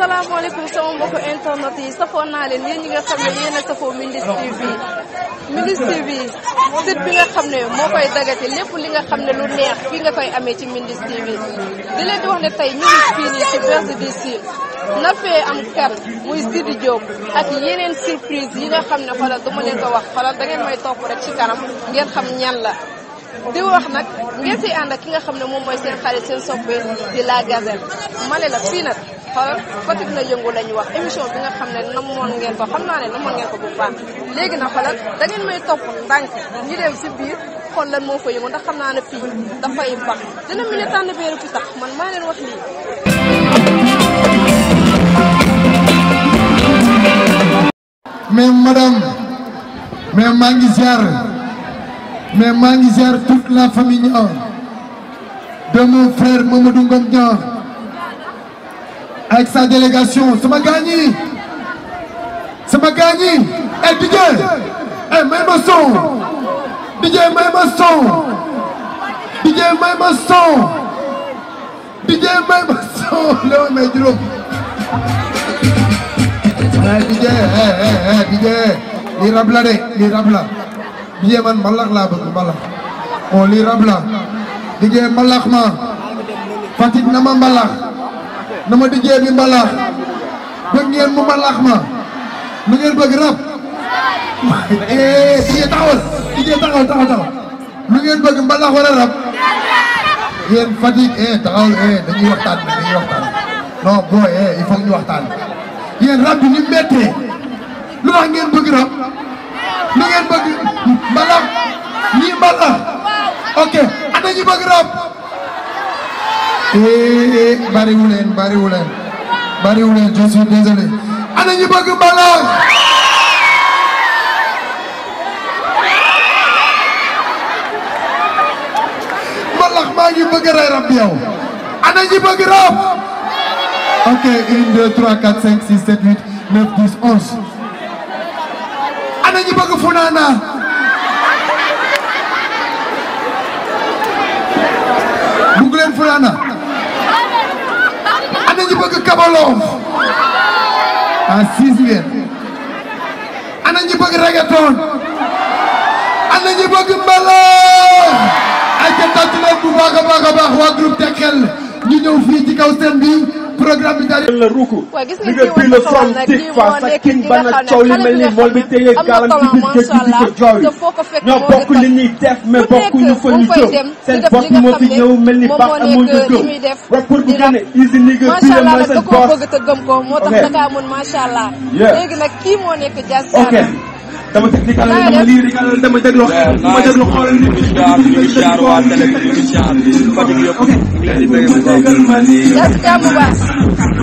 salaamaaleykum sama mbokku internet yi safoon naa leen yéen ñi nga xam ne yéen a safoo Mindiss TV Mindiss TV site bi nga xam ne moo koy dagate lépp li nga xam ne lu neex fii nga koy amee ci Mindiss TV di leen di wax ne tey ñu ngi fii nii ci na fee am kar muy Sidi Diop ak yeneen surprise yi nga xam ne xoolal du ma leen ko wax xoolal da ngeen may topp rek ci kanam ngeen xam ñan la di wax nag ngeen siy ànd ak ki nga xam ne moom mooy seen xarit seen soppe di la gazelle male la fii nag xoolal Fatick na yëngu la ñu wax émission bi nga xam ne namoon ngeen ko xam naa ne namoon ngeen ko bu baax léegi nag xoolal da ngeen may topp ndànk ñu dem biir xool lan moo fa yëngu ndax xam naa ne fii dafay bax dina mu ne tànn mais madame maa ngi ziar mais maa ngi ziar toute la famille Niang de mon frère Mamadou Ngom Niang avec sa sama gaañi sama gaañi eh DJ eh may ma son DJ may ma son DJ may ma son DJ may ma son léegi may juróom eh DJ eh eh, eh la de lii la DJ man mbalax laa bëgg mbalax oh lii rab la DJ mbalax ma Fatick na ma mbalax na ma dijjee bi mbalaax bëgg ngeen mu ma nu ngeen bëgg rap eh dijjee taxawal dijjee taxawal taxaw taxaw lu ngeen bëgg mbalaax wala rap yéen Fatick eh taxawal eh, eh ngeen bëgg rap lu ngeen bëgg mbalaax lii ok ana ñu bëgg rap eh, eh bariwu leen bariwu leen bariwu leen je suis désolé ana ñu bëgg balance mbalax maa ngi bëgg rey rab yow ana ñu bëgg rab ok 1 2 3 4 5 6 7 8 9 10 11 ana ñu bëgg funaana Bugulen Fulana ci bëgg kabaloom ah siis ngeen ana ñi bëgg reggaeton ana ñi bëgg mbaloo ay ca tàcc leen bu baax a baax a baax waa groupe Tekkel ñu ñëw fii ci kaw seen bi programme bi daal la ruuku li nga bii la from tig fa sa kin ba nag coow li mel ni mool bi téye gaalam ci biir géej gi di ko jooy ñoo bokk li ñuy def mais bokkuñu fa ñu jëm seen bopp moo fi ñëw mel ni baax amul nga gëm rapport bu gën easy li bii la mooy seen boss ok yeah ok dama technique la dama lii rek la dama dégloo xeetu ma dégloo xoolal nit ñi ñu ngi jaar waa télé bi ñu ngi jaar Fatick yëpp ñu ngi leen di bëgg bu baax. yaa ngi jàmm bu baax.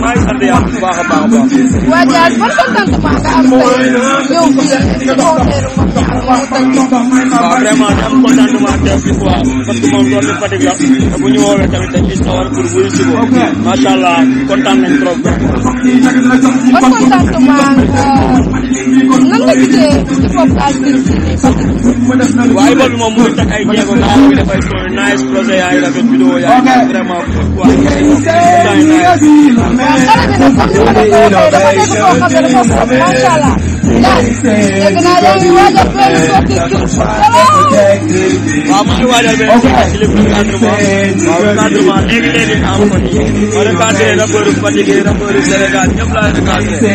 maa ngi sant yàlla bu baax a baax a baax. waa Dia ban contentement nga am tey ñëw fii la si conseil bi wax waaw vraiment ñu am contentement teew fii quoi parce que moom doomu Fatick la te bu ñu woowee tamit dañ ciy sawar pour wuyu si ko macha allah kontaan nañ trop. ban contentement euh, nan nga gisee. waaye boobu moom mu ngi takk ay jéego ndax mu ngi def ay nice projet yaay rafet vidéo yaay vraiment waaw xale bi nag comme ni ma ko defee koo xam ne dafa sopp macha allah waaw mu ngi waajal benn clip de encadrement léegi léegi nga am ko nii ma recadré rappeur Fatick rappeur Sénégal ñëpp laa recadré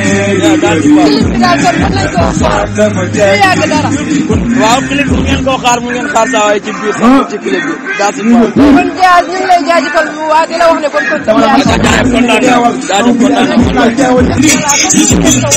waaw clip bu ngeen ko xaar mu ngeen xaar saa waay ci biir sax ci clip bi Dia Sy Fall. kon Dia ñu ngi lay jaajëfal bu baax di la wax ne kon kon. dama la mën a jaajëf kontaan naa daa di kontaan naa kontaan naa. waaw ndax ñu ngi lay wax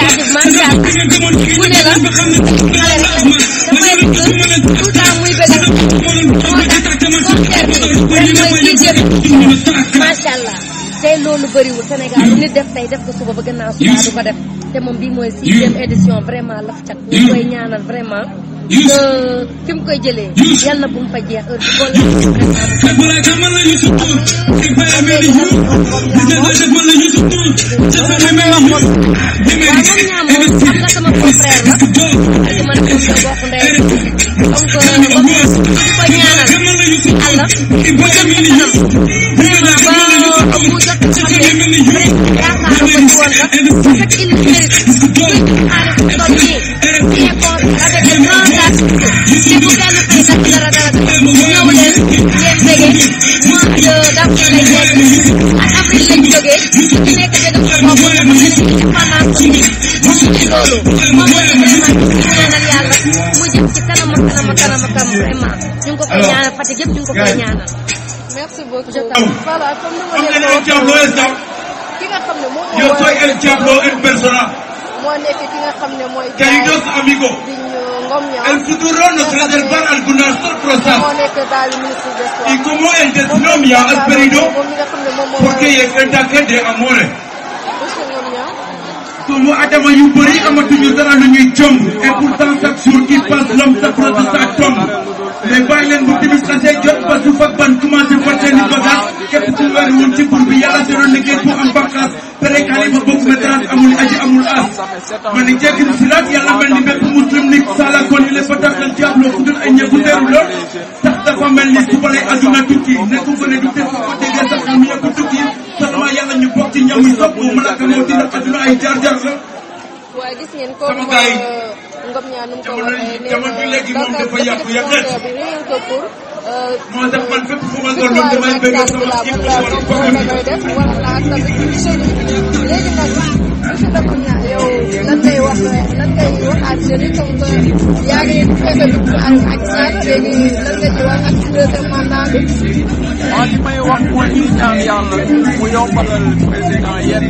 macha allah tey loolu bëriwul Sénégal lu nit def tey def ko suba ba gannaaw suba du ko def te moom bii mooy sixième édition vraiment laf cat ñu koy ñaanal vraiment fi mu koy jëlee yàlla bu mu fa jeex heure bi boo leen vraiment ñu el diablo en persona. moo nekk ki nga xam ne mooy. queridos amigos. El futuro nos reservan algunas sorpresas. yu bëri lu ñuy jom et pourtant chaque jour qui passe l'homme se proteste ak mais bàyyi leen bu timis xasee jot ba su fag ban commencé fat seeni bagaas képp ku weeru woon ci pour bi yàlla te doon liggéey pour am bàkkaas bëre kalima bokk métrage amul aji amul as ma ne jéggi siraat yàlla mel ni bépp muslim nit saalakoon yi la fa taxal jaaxloo ku dul ay ñëpp teeru lool tax dafa mel ni su balay adduna tukki nekku ko ne du te su ko déggee sax xam ñëpp tukki sax maa yàlla ñu bokk ci ñam yi sopp malaka moo dina adduna ay jaar-jaar la Ngom Niang nu mu ko waxee nee na Dakar def bi rien que pour euh, moo tax man fépp fu ma doon damay bëgg sama kii bi wala kooku bi. léegi nag monsieur Ngom Niang yow. lan ngay wax lan ngay waxaat jeunes yi comme que yaa ngi fekk dugg ak ak sax léegi lan nga ci wax ak deuxième mandat bi. waaw li may wax mooy ñu ñaan yàlla mu yombalal président yenn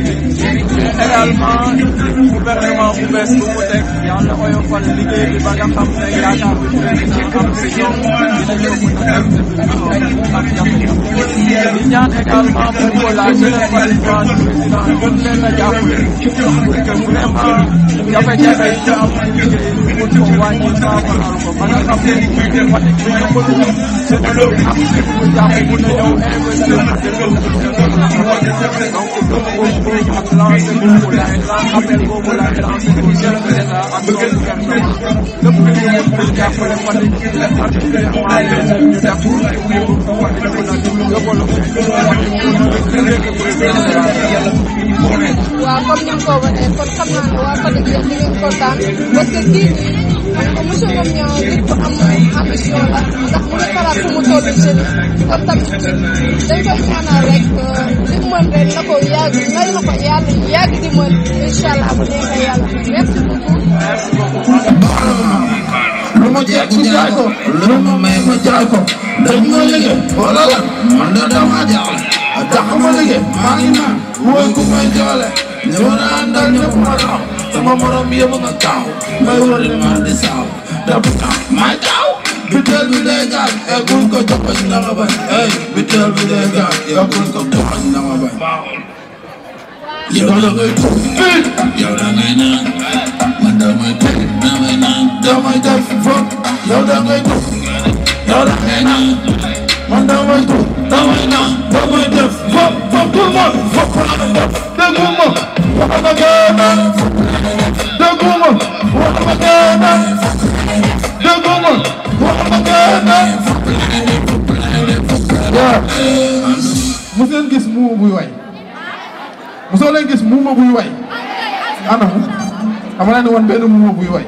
également gouvernement bu bees bu mu teg yàlla oyofal liggéey bi ba nga xam ne yaakaar bi président am si ñoom dinañu ko mën a def ak jafe-jafe. di ñaan également pour que la jeunesse président gën leen a jàppale pour que vraiment. jafe-jafe yi pour ko wàññi saafaraal ko ba nga xam ne ñu ko am mu jàpp mu ne yow investir na donc donc boobu ak lancé boobu laay appel boobu laay lancé ko chef de l'État ak gouvernement lépp lu ñu pour jàppale Fatick ci la particulièrement les ñu def pour Fatick mën a développé Fatick pour waaw comme ni mu ko waxee kon xam naa ne waa Fatick yéen di ngeen kontaan parce que kii nii monsieur Ngom ñoo nit ku am ambition la ndax mu ngi xalaat fu mu toll jeune kon tamit dañ koy ñaanal rek euh, li mu mën ren na ko yàgg may na ko yàgg yàgg di mën incha allah bu neexee yàlla merci beaucoup. lu ma jeex ci jaay ko lu ma may ma jaay ko dañ ma liggéey wala la man de dama jaaxle tax ma liggéey maa ngi naan wooy ku may jaale ñoo naa àndal ñëpp ma raw sama morom yëpp nga kaaw ngay wër li ma di saaw dabu kaaw may kaaw biteel bi day gaat e buñ ko joxoñ na nga bañ ey biteel bi day gaat e buñ ko joxoñ na nga bañ yow la ngay tuur fiit yow la ngay naan man damay tuur damay naan damay def fot yow la ngay tuur yow la ngay naan buy way ana xam naa ne woon benn muuma buy way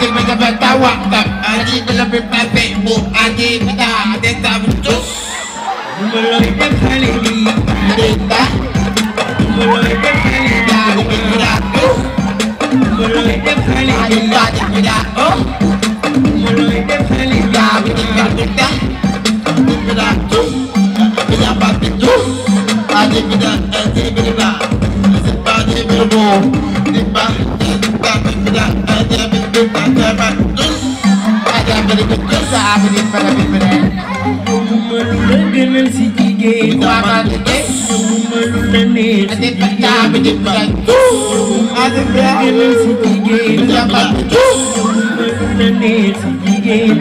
Aki magpapatawa ka. Aki malapit na mo. Aki matahatin sa mundo. Malapit na saling mga data. Malapit na saling dali pinato. Malapit na saling dali pinato. Malapit na saling dali pinato. Pinato. Pinapapito. Aki pinato. Aki pinato. Aki pinato. Aki pinato. Aki pinato. di ko jox sa aaf di fekk bi beneen. yóbbuma lu la gënal si jigéen. waa maa ngi dégg. yóbbuma lu la neex si jigéen. bi di ko gënal si jigéen. yóbbuma lu la neex si jigéen.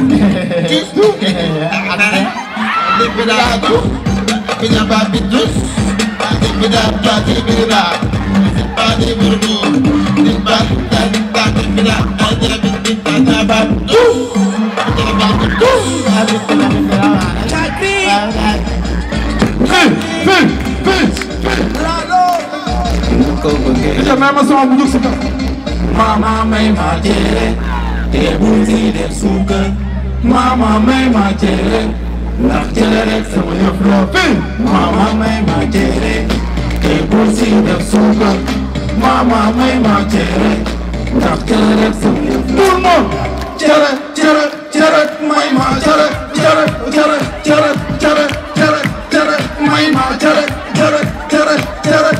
bi daa du. bi nga ba bi du. bi daa du ak bi daa. ba di burdu. di ba di ba di bi daa. ba di bi di ba di ba du. ko bëggee te may ma sama bu njëkk si ka mama may ma cere te bu si def suukar mama may ma cere ndax cere rek sama yëf la fii mama may ma cere te bu si def suukar mama may ma cere ndax cere rek sama yëf la tout le monde cere cere jarat may ma jarat jarat jarat jarat jarat jarat jarat may ma jarat jarat jarat jarat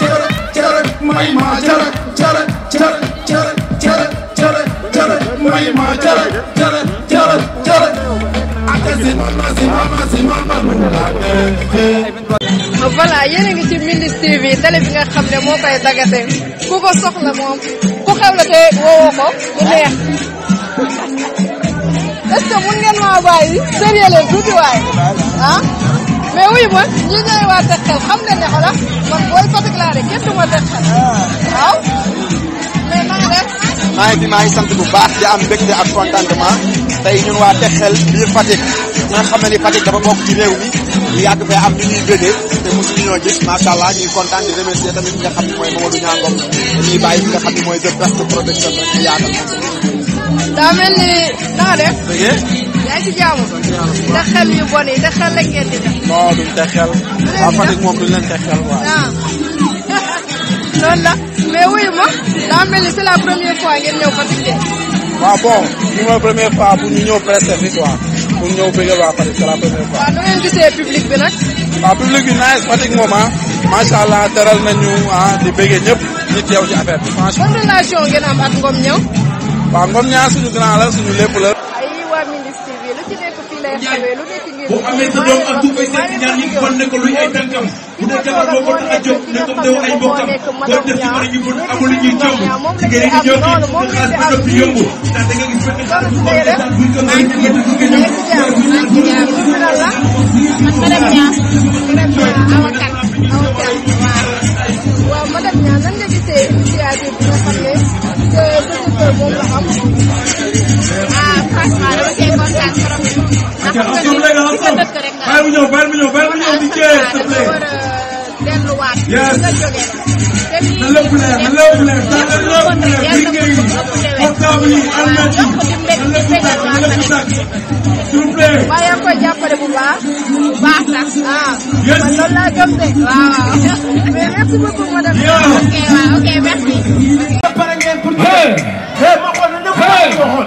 jarat jarat jarat may ma jarat jarat jarat jarat jarat jarat jarat may ma jarat jarat jarat jarat akazima mazima mazima mamulake voilà yéen a ngi ci Mindiss TV télé bi nga xam ne moo koy dagate ku ko soxla moom ku xewle te woowoo ko du neex est ce que mun ngeen maa bàyyi sérieux leen tuuti waay ah mais wuyu ma ñi ñooy waa teg xel xam ngeen ne xoolal man booy Fatick laa de kenn du ma teg xel waaw ah. mais na nga def. maa ngi fi maa ngi sant bu baax di am mbégte ak contentement tey ñun waa teg xel biir Fatick nga xam ne ni Fatick dafa bokk ci réew mi ñu yàgg fee am ni ñuy bégee te mosu ñu ñoo gis macha allah ñuy kontaan di remercier tamit nga xam ne mooy Mamadou Niangom dañuy bàyyi fi nga xam ne mooy The Best Production rek ñu yaatal daa ni naa def. yaa ci jaamu. te xel yu bon yi te xel la ngeen di def. non duñ te xel. waa Fatick moom duñ leen te xel waaw. Ah. loolu la mais wuyu ma daa ni c'est la première fois ngeen ñëw Fatick de. waaw bon ñu mooy première fois bu ñu ñëw presse bi quoi pour ñëw bëgg waa Fatick c'est la première fois. waaw nu ngeen gisee public bi nag. waaw public bi nice Fatick moom ah macha allah teral nañu ah di bëggee ñëpp ñu teew ci affaire bi franchement. ban relation ngeen am waaw Ngom ñaar suñu grand la suñu lépp la. ay waa Mindiss TV lu ci nekk fii lay xamee lu nekk ngeen. boo amee sa doom ak du koy seet ñaar ñi bon ne ko luy ay tànkam bu dee jabar boo ko tax a jóg ne ko daw ay mbokkam boo def ci mën ñu mun amul ñuy jomb jigéen ñi ñoo kii xaalis ba noppi yomb ndax da nga gis fekk xaalis bu xonk daal buñ ko may ñu ko dugg ñoom war bu ñu ko dugg waaw madame Niang nan nga gisee initiative bi nga xam loolu moom la xam ah franchement dama cee kontaan trop ndax fi nga dëkk rek nga am ñëw bàyyi mu ñëw bàyyi mu ñëw di cee da nga war a delluwaat fi nga jógee te lii na lépp leer na lépp leer na lépp leer bi ngay portable yi almet yi na lépp tàkk na lépp tàkk s'il vous plaît waaye yaa ngi koy jàppale bu baax bu baax sax waaw man loolu laa gëm de waaw mais merci beaucoup madame ok waaw ok merci pare ngeen pour ñu dem. eh ma xool ne nekkul ma ko waxoon.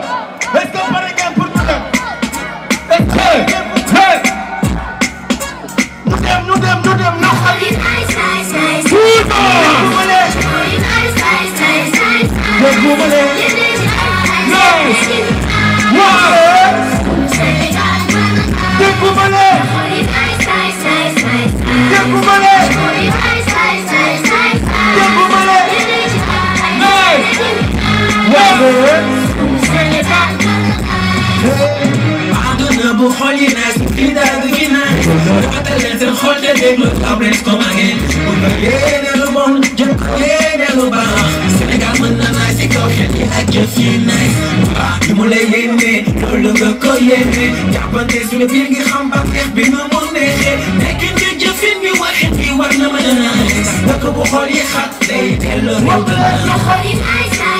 est-ce que pare ngeen pour ñu dem. est-ce que pare ngeen pour ñu dem. ñu dem ñu dem ñu dem ndax xar yi. tuuta. dégg nga ma leen. dégg nga ma leen. àdduna bu xool yi naas li daal gi naas dafa leen seen xool te déglu ab leen ko magee bu nga yéene lu bon jëm ko yéene lu baax Sénégal mën na naa si kaw xel yi ak jëf yi naas baax bi mu lay yéene loolu nga ko yéene jàppante suñu biir ngi xam ba neex bi nga mu neexee nekk nga jëfin bi waxin bi war na mën a naas dëkk bu xool yi xat day delloo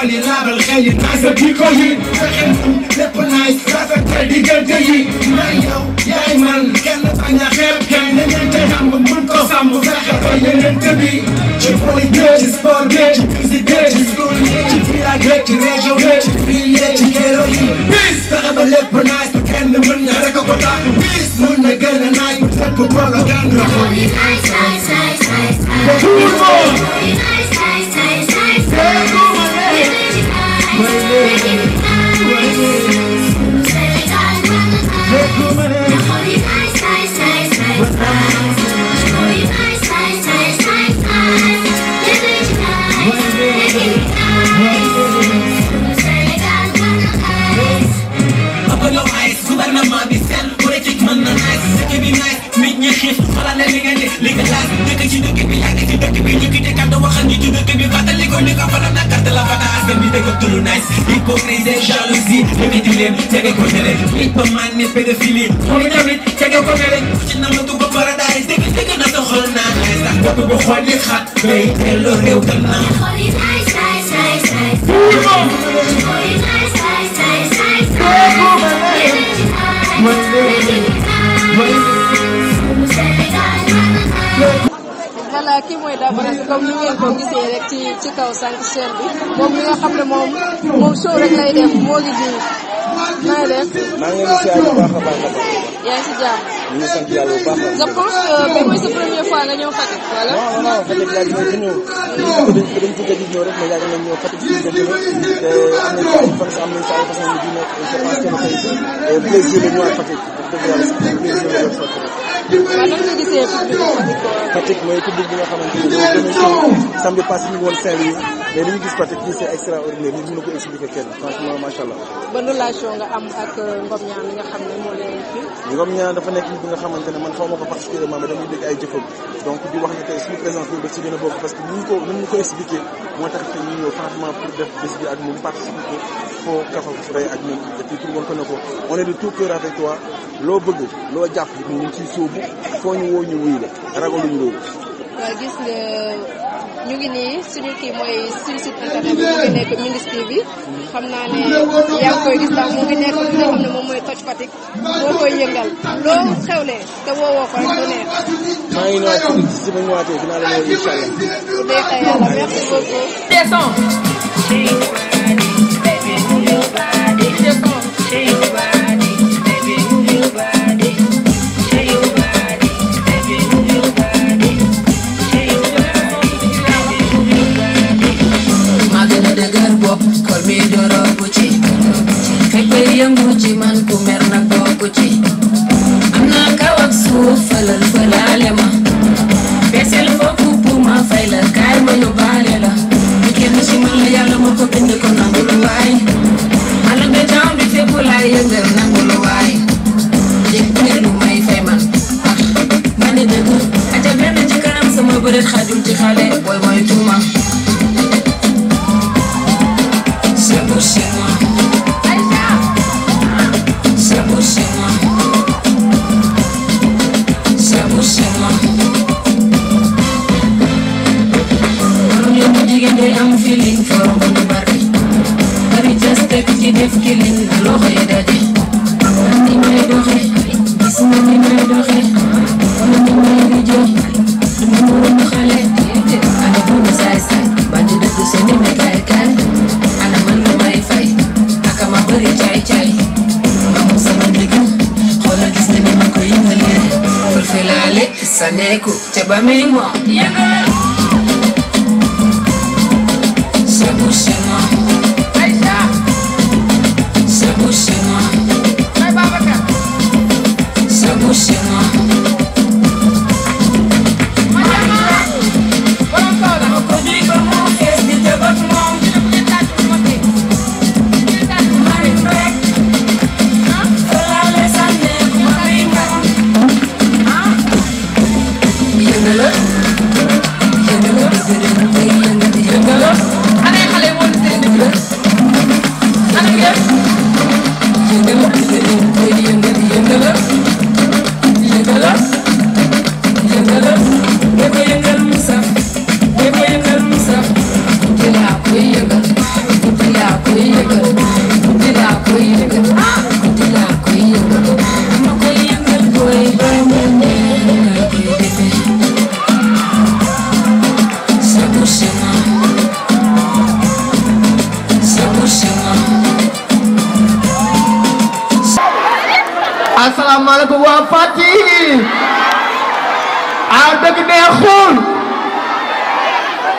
xol yi laabal xel yi naaj sa jikko yi fexeel lépp naaj rafet te diggante yi may yow yaay man kenn bañ a xeeb kenn dañeen te xam nga mën ko sàmm fexe ko yeneen bi ci poli géej ci sport géej ci musique géej ci school yi ci villa géej ci région géej ci ville yi ci kéro yi bis fexe ba lépp naaj ba kenn mën na rek ko tàkk bis mën na gën a naaj bu tëkk ko la gànd loxo yi day delloo réew gannaaw. xool yi saay saay saay saay. xool yi saay saay saay saay ni ngeen ko gisee rek kaw sànq moom mi nga xam ne moom moom show rek lay def moo ngi ji maa ngi def. maa ngi leen di siyaare bu baax a baax a baax. yaa ngi ñu ngi sant yàlla bu baax a. je pense que bii mooy sa première fois nga ñëw Fatick wala. non non Fatick yàgg nañ fi ñëw. dañ fi gëj ñëw rek mais yàgg te am nañ ay fan am nañ sa ay façon yu ñu ñu waay waaw nan nga gisee bi nga xamante ni boo demee samedi passé ñu ngi woon Saint-Louis mais li ñu gis Fatick fii c'est extraordinaire nit mënu ko expliquer kenn franchement euh, xam ne moo leen fi. Ngom Niang dafa nekk nit bi nga xamante ne man xaw ma ko particulièrement mais damay dégg ay jëfam donc di wax ne tey suñu présence bi ba ci gën a bokk parce que ni ñu ko ko expliquer. moo tax te ñu ñëw franchement pour def bés bi ak moom participer ko foo kafa fray ak moom et tout cœur avec toi loo bëgg loo jàpp ñu ngi ciy sóobu foo ñu woo ñu wuyu la ragaluñu loolu. waaw gis nga. ñu ngi nii suñu kii mooy suñu site internet bi mu ngi nekk Mindiss TV xam naa ne yaa ngi koy gis daal mu ngi nekk li nga xam ne moom mooy toj Fatick boo yëngal loo xewlee te woowoo ko rek du neex. maa ngi si si ma ñëwaatee dinaa la ñëw incha allah. bu dee tey neeku ca ba muy moom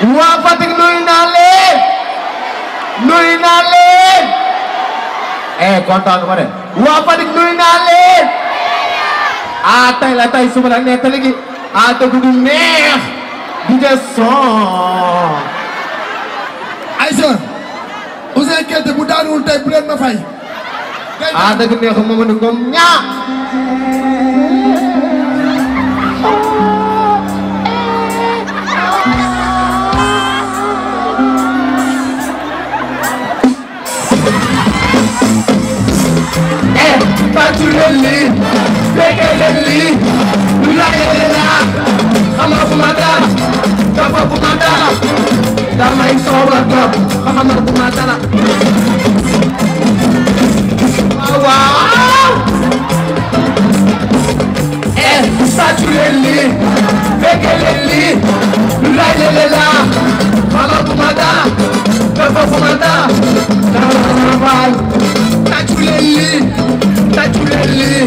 waa Fatick nuyu naa leen nuyu naa leen eh kontaan ma de waa Fatick naa leen ah tey la tey suba nag ne tali gi ah dëgg du neex du des bu daanuwul tey bu leen ma fay ah dëgg neexu Mamadou Ngom bàccu leen lii lu laajee leen naa xam bu ma dara dafa bu ma dara damay sooba trop xam nga bu ma dara waaw eh bàccu leen lii lii lu laajee leen naa xam bu ma dara dafa bu ma dara dara leen lii tàccu leen lii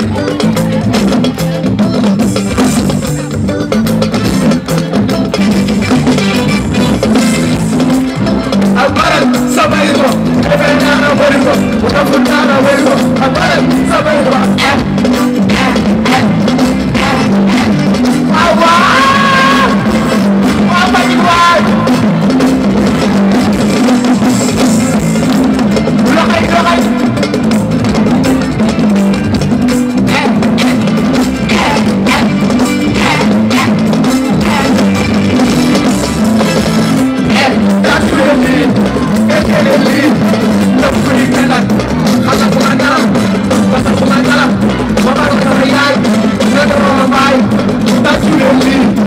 albarak sabay ko efe naana wari ko bu tafu naana wari ko albarak sabay ko Thank you.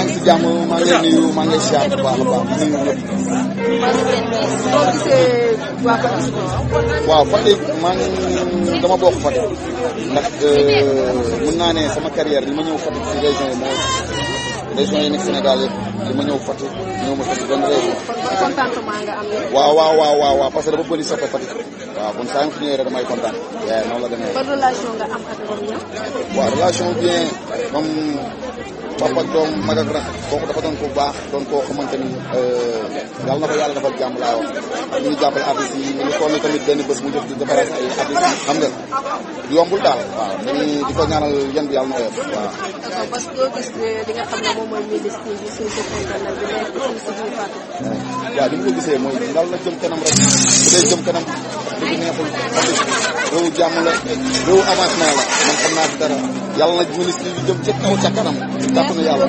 maa ngi si a baax nuyu ñëpp. waaw man dama bokk Fatick ndax euh, mun naa ne sama carrière li ma ñëw Fatick si région yi mooy région yi nekk Sénégal yëpp li ma ñëw Fatick ñëw ma Fatick benn région. waaw waaw waaw waaw parce que dafa bëri soppe Fatick. waaw kon saa yu fi ñëwee rek damay kontaan. waaw noonu relation nga bien moom. papa ak doom mag ak rak kooku dafa doon ko baax doon koo xamante ni euh, yàlla na ko yàlla defal jàmm laa wax ñu ngi jàppale artistes yi tamit benn bés mu jëf di ay artistes xam nga yombul daal waaw dañuy di ko ñaanal yan bi yàlla na woyof waaw parce que gis mooy ministre bi suñu sëkkantal bi ko gisee mooy yàlla na jëm kanam rek bu dee jëm kanam neexul réew jàmm avancement la man xam naa ci dara yàlla nag ministre yi jëm ca kaw ca na yàlla.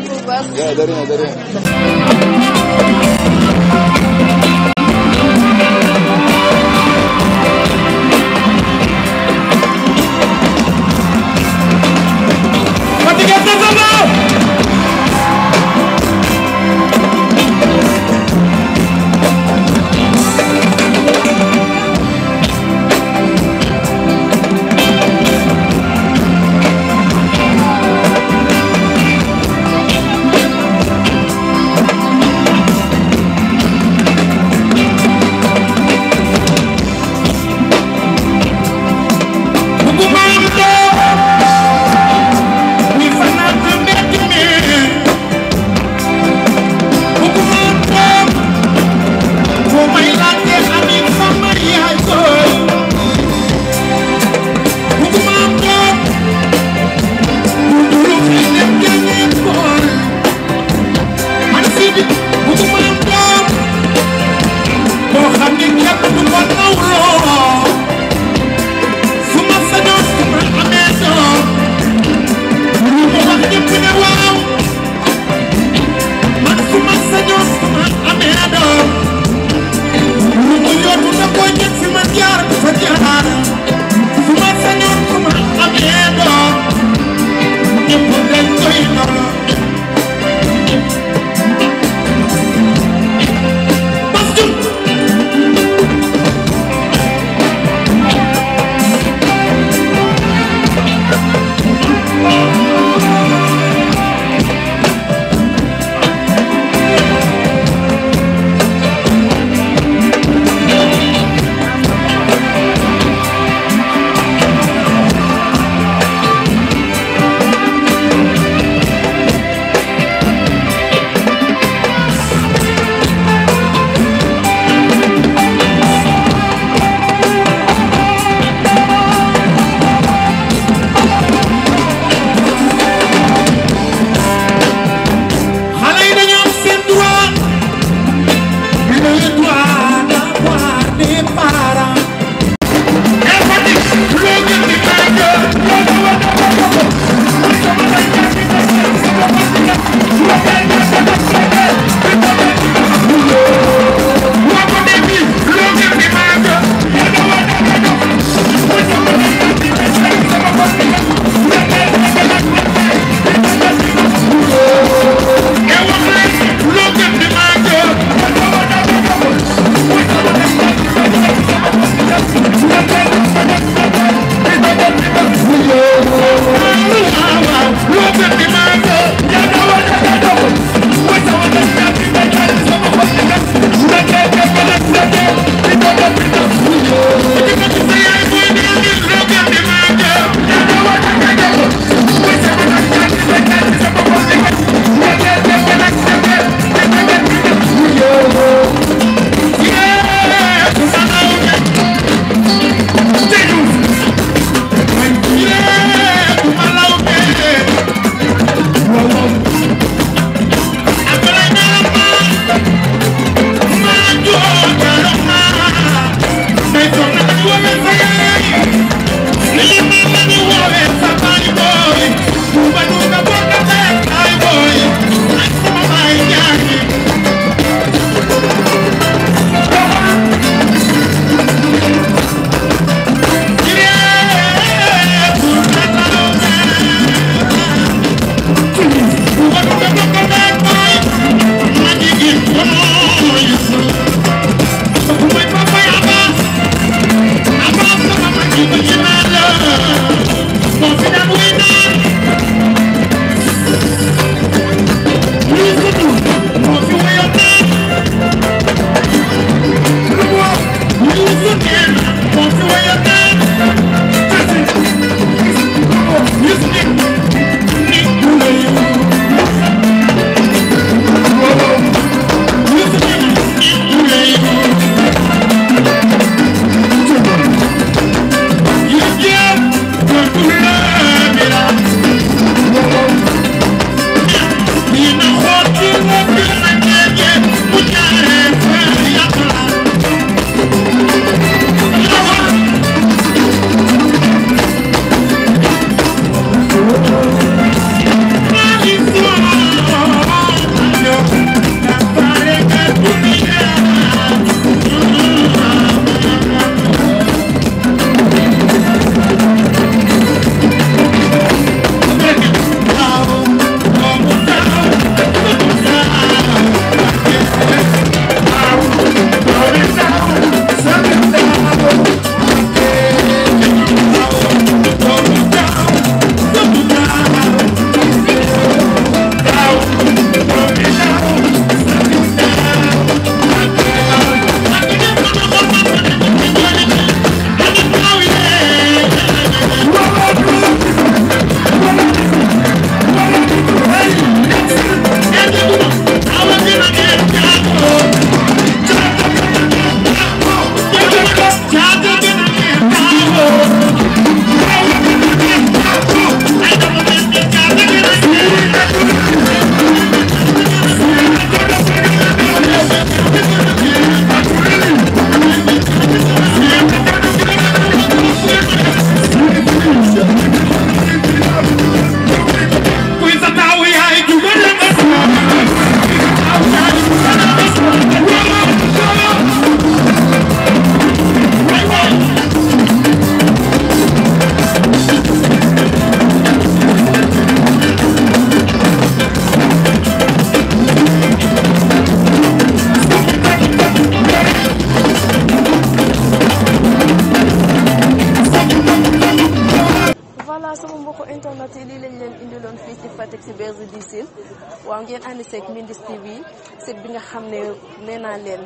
sit bi nga xam ne nee naa leen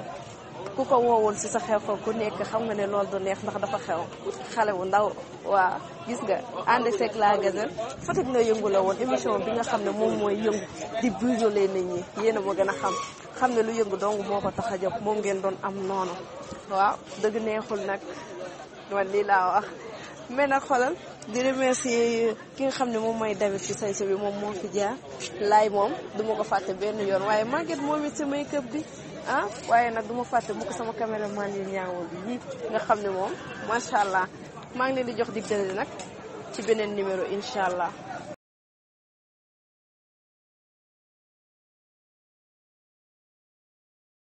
ku ko woowoon si sa xew-xew ku nekk xam nga ne lool du neex ndax dafa xew xale wu ndaw waaw gis nga ànd seeg la gazette Fatick na yëngu la woon émission bi nga xam ne moom mooy yëngu di bujole nit ñi yéen a moo gën a xam xam ne lu yëngu dong moo ko tax a jóg moom ngeen doon am noonu waaw dëgg neexul nag man lii laa wax mais nag xoolal di remercier ki nga xam ne moom mooy David ci sañse bi moom moo fi jaar laay moom duma ko fàtte benn yoon waaye Maguette moom it si make-up bi ah waaye nag duma fàtte mu ko sama caméraman yu ñaawoo bi yi nga xam ne moom macha allah maa ngi leen di jox dig daje nag ci beneen numéro incha allah.